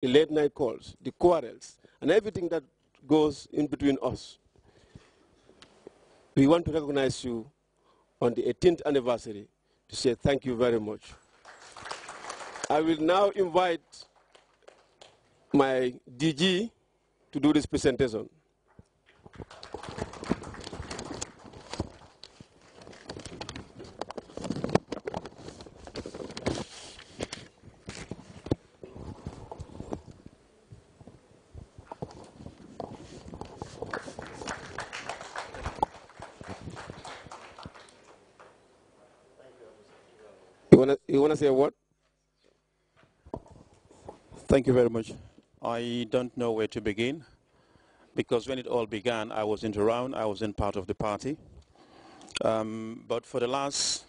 the late night calls, the quarrels, and everything that goes in between us. We want to recognize you on the 18th anniversary to say thank you very much. I will now invite my DG to do this presentation. want to you wanna say a word? Thank you very much. I don't know where to begin because when it all began, I wasn't around. I wasn't part of the party. Um, but for the last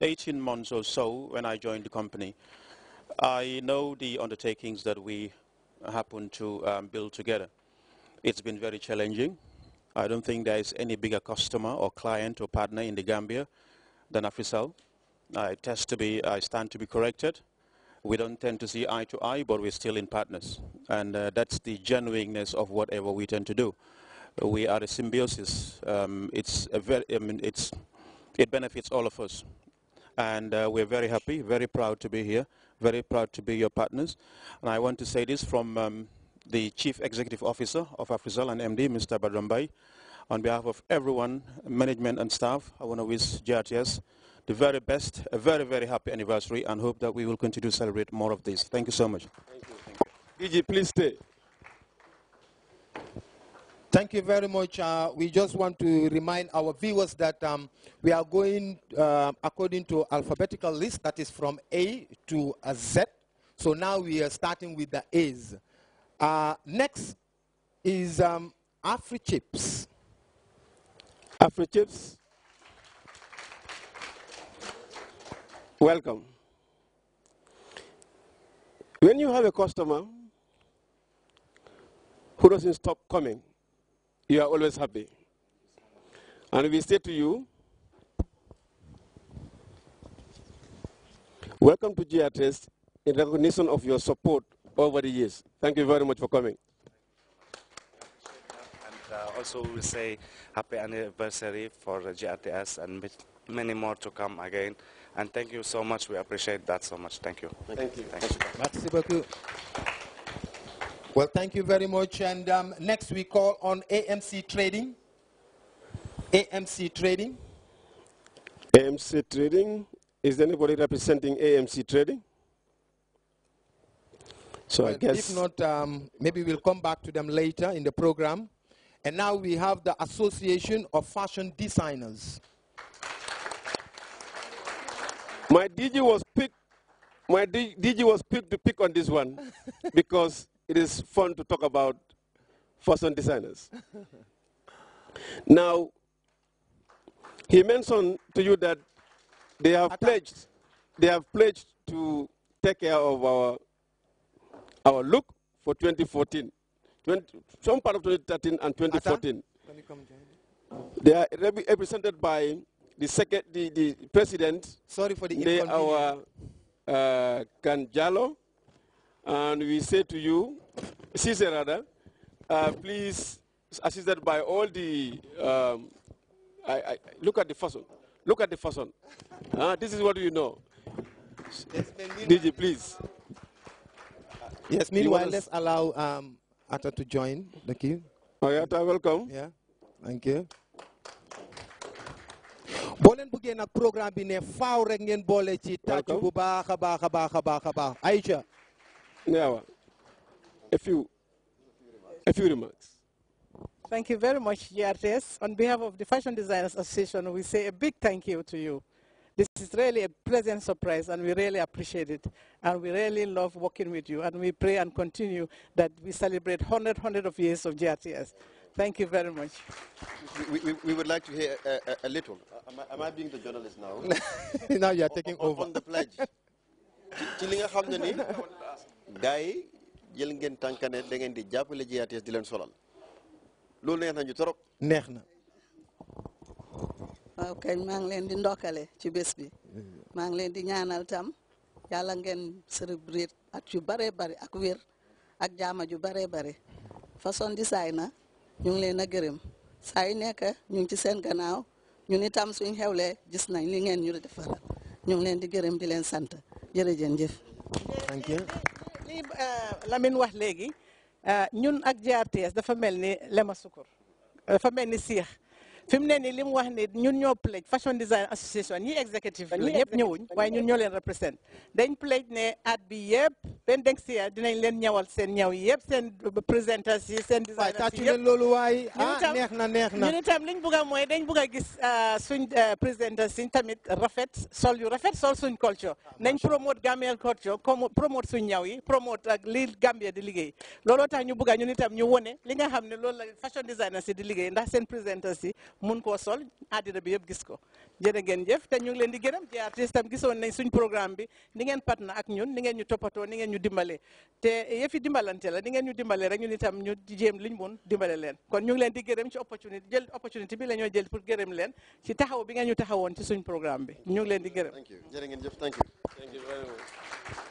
18 months or so, when I joined the company, I know the undertakings that we happen to um, build together. It's been very challenging. I don't think there is any bigger customer or client or partner in the Gambia than Africell. I test to be, I stand to be corrected. We don't tend to see eye to eye, but we're still in partners. And uh, that's the genuineness of whatever we tend to do. We are a symbiosis. Um, it's a very, I mean, it's, it benefits all of us. And uh, we're very happy, very proud to be here, very proud to be your partners. And I want to say this from um, the Chief Executive Officer of Afrizal and MD, Mr. Badrambai. On behalf of everyone, management and staff, I want to wish GRTS the very best, a very, very happy anniversary, and hope that we will continue to celebrate more of this. Thank you so much. Thank you. Thank you. please stay. Thank you very much. Uh, we just want to remind our viewers that um, we are going uh, according to alphabetical list, that is from A to Z. So now we are starting with the A's. Uh, next is um, AfriChips. AfriChips, Welcome. When you have a customer who doesn't stop coming, you are always happy. And we say to you, welcome to GRTS in recognition of your support over the years. Thank you very much for coming. And uh, also we say happy anniversary for GRTS and many more to come again. And thank you so much. We appreciate that so much. Thank you. Thank you. Thank you. Well, thank you very much. And um, next we call on AMC Trading. AMC Trading. AMC Trading. Is anybody representing AMC Trading? So well, I guess. If not, um, maybe we'll come back to them later in the program. And now we have the Association of Fashion Designers. My DG was picked. My DG was picked to pick on this one because it is fun to talk about fashion designers. now, he mentioned to you that they have pledged, they have pledged to take care of our our look for 2014, 20, some part of 2013 and 2014. They are represented by the, second, the, the president, sorry for the our uh, Kanjalo, and we say to you, Caesar rather, uh, please, assisted by all the, um, I, I, look at the fashion, look at the fashion. Uh, this is what you know. DJ please. Yes, meanwhile, let's allow um, Atta to join Thank you. Oh, Atta, welcome. Yeah, thank you nag programme bi ne faaw rek ngeen boole ci bu baax a baax a baax a baax a baax Aïcha a few a few remarks Thank you very much, GRTS. On behalf of the Fashion Designers Association, we say a big thank you to you. This is really a pleasant surprise, and we really appreciate it. And we really love working with you, and we pray and continue that we celebrate 100, 100 of years of GRTS. Thank you very much. We, we, we would like to hear a, uh, a, uh, a little. Uh, am, I, am I being the journalist now? now you are taking over. On the pledge. ci li nga xam ne ni gars yi jël ngeen tànkane da ngeen di jàppale GRTS di leen solal loolu neex tam yàlla ngeen célébrer at yu bare bari ak ak jaama ju bare bari façon designer. ñu ngi leen a gërëm saa yu nekk ñu ngi ci seen gannaaw ñun itam suñ xewlee gis nañ li ngeen ñu defal ñu ngi leen di gërëm di leen sant jërëjëf jëf. thank eh, lamin lii wax léegi eh, ñun ak GRTS dafa mel ni lema sukur dafa mel ni siix fi mu ne nii li mu wax ni ñun ñoo pledge fashion design association ñi executive la ñëpp ñëwuñ waaye ñun ñoo leen represent dañ pledge ne at bi yëpp benn dénk si dinañ leen ñëwal seen ñëw yëpp seen présenters yi seen designers yi yëpp loolu waaye ah neex na neex na ñun itam liñ bugg a mooy dañ bugg a gis euh, suñ euh, présenters yi tamit rafet sol yu rafet sol suñ culture ah, nañ promote Gambian culture promote suñ ñaw yi promote ak li Gambia di liggéey looloo tax ñu bugg a ñun itam ñu li nga xam ne loolu la fashion designers yi di liggéey ndax seen présenters yi mën koo sol àddina bi yëpp gis ko jërë ngeen jëf te ñu ngi leen di gërëm ci artiste tam gisoon nañ suñ programme bi ni ngeen patna ak ñun ni ngeen ñu toppatoo ni ngeen ñu dimbale te yëfi dimbalante la ni ngeen ñu dimbale rek ñun itam ñu jéem liñ mun dimbale leen kon ñu ngi leen di gërëm ci opportunité jël opportunité bi la ñoo jël pour gërëm leen ci taxaw bi ngeen ñu taxawoon ci suñ programme bi ñu ngi leen di gërëm thank you jërë ngeen jëf thank you thank you very much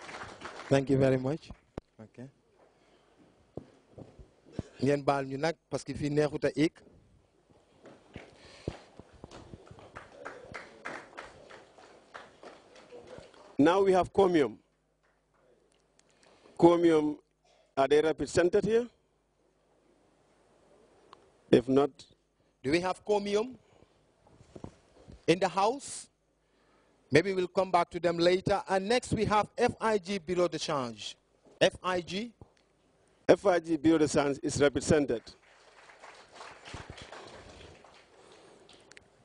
thank you very much ok ngeen baal ñu nag parce que fii neexut a ik Now we have Comium. Comium, are they represented here? If not... Do we have Comium in the house? Maybe we'll come back to them later. And next we have FIG Bureau de Change. FIG? FIG Bureau de Change is represented.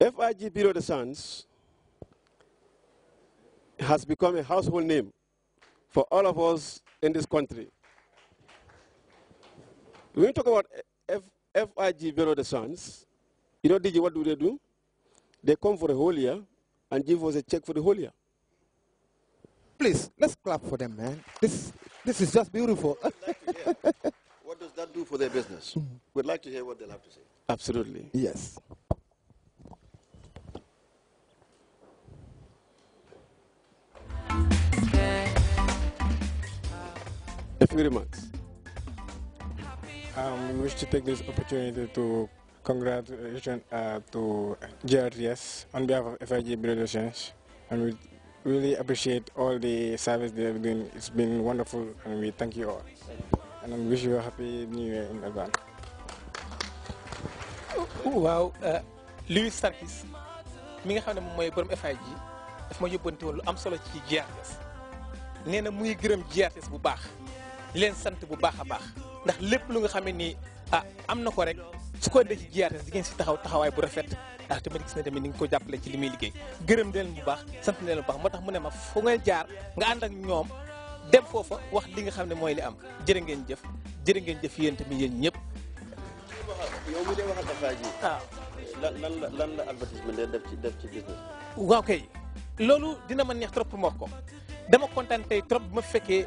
FIG Bureau de Change has become a household name for all of us in this country. When you talk about F FIG Vero de Sons, you know, DG, what do they do? They come for the whole year and give us a check for the whole year. Please, let's clap for them, man. This, this is just beautiful. like what does that do for their business? We'd like to hear what they'll have to say. Absolutely. Yes. A few remarks. Um, we wish to take this opportunity to congratulate uh, to GRTS on behalf of FIG Relations, and we really appreciate all the service they have been. It's been wonderful, and we thank you all. And I wish you a happy new year in advance. waaw uh, Louis Sarkis mi nga xam ne moom mooy borom FIG daf ma yóbbante woon i am solo ci GRTS nee na muy gërëm GRTS bu di leen sant bu baax a baax ndax lépp lu nga xam ne nii ah am na ko rek su ko dee ci jiyaate di ngeen si taxaw taxawaay bu rafet ndax tamit gis na tamit ni nga ko jàppale ci li muy liggéey gërëm na leen bu baax sant na leen bu baax moo tax mu ne ma fu jaar nga ànd ak ñoom dem foofa wax li nga xam ne mooy li am jërë ngeen jëf jërë ngeen jëf yéen tamit yéen ñëpp. yow mi dee waxal dafa ji. waaw ah. lan la lan la advertisement de def ci ci business. waaw kay dina ma neex trop pour ko dama kontaan tey trop bu ma fekkee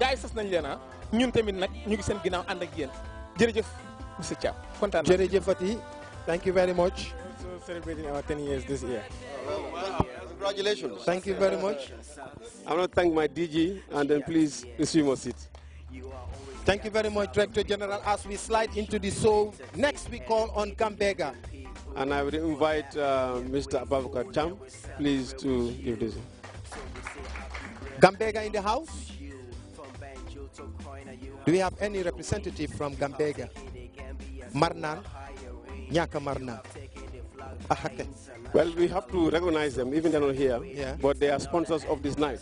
gars yi nañ leen ah. ñun tamit nag ñu ngi seen ginnaaw ànd ak yéen jërëjëf monsieur Thiam kontaan jërëjëf Fati thank you very much. we're celebrating our 10 years this year. Oh, wow. Congratulations. Thank you very much. I want to thank my DJ and then please resume your seat. Thank you very much, Director General. As we slide into the show, next we call on Kambega. And I will invite uh, Mr. Ababakar Cham, please, to give this. Gambega in the house. Do we have any representative from Gambega? Marnan? Nyaka Marnan? Ahake. Well, we have to recognize them, even they're not here, yeah. but they are sponsors of this night.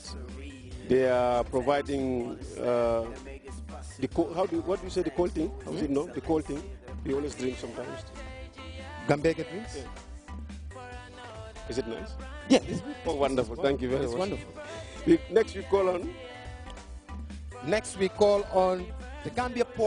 They are providing uh, the how do what do you say the cold thing? How hmm? you know the cold thing? We always drink sometimes. Gambega drinks. Yeah. Is it nice? Yeah. It's, oh, it's wonderful. It's Thank you very it's much. It's wonderful. Next, we call on Next, we call on the Gambia Port.